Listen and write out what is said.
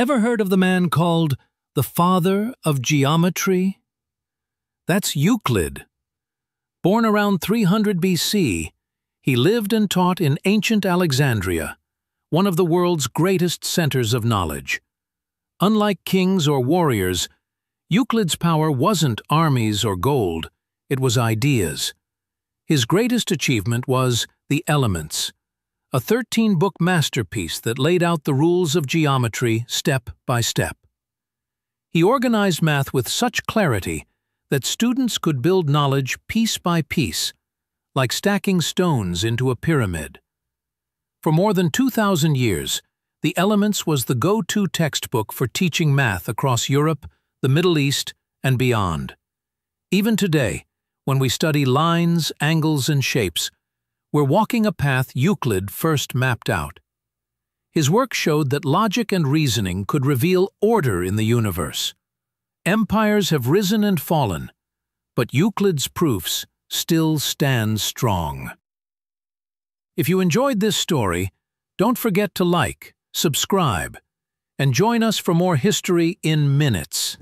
Ever heard of the man called the father of geometry? That's Euclid. Born around 300 BC, he lived and taught in ancient Alexandria, one of the world's greatest centers of knowledge. Unlike kings or warriors, Euclid's power wasn't armies or gold, it was ideas. His greatest achievement was the elements, a 13-book masterpiece that laid out the rules of geometry step by step. He organized math with such clarity that students could build knowledge piece by piece, like stacking stones into a pyramid. For more than 2,000 years, The Elements was the go-to textbook for teaching math across Europe, the Middle East, and beyond. Even today, when we study lines, angles, and shapes, we're walking a path Euclid first mapped out. His work showed that logic and reasoning could reveal order in the universe. Empires have risen and fallen, but Euclid's proofs still stand strong. If you enjoyed this story, don't forget to like, subscribe, and join us for more history in minutes.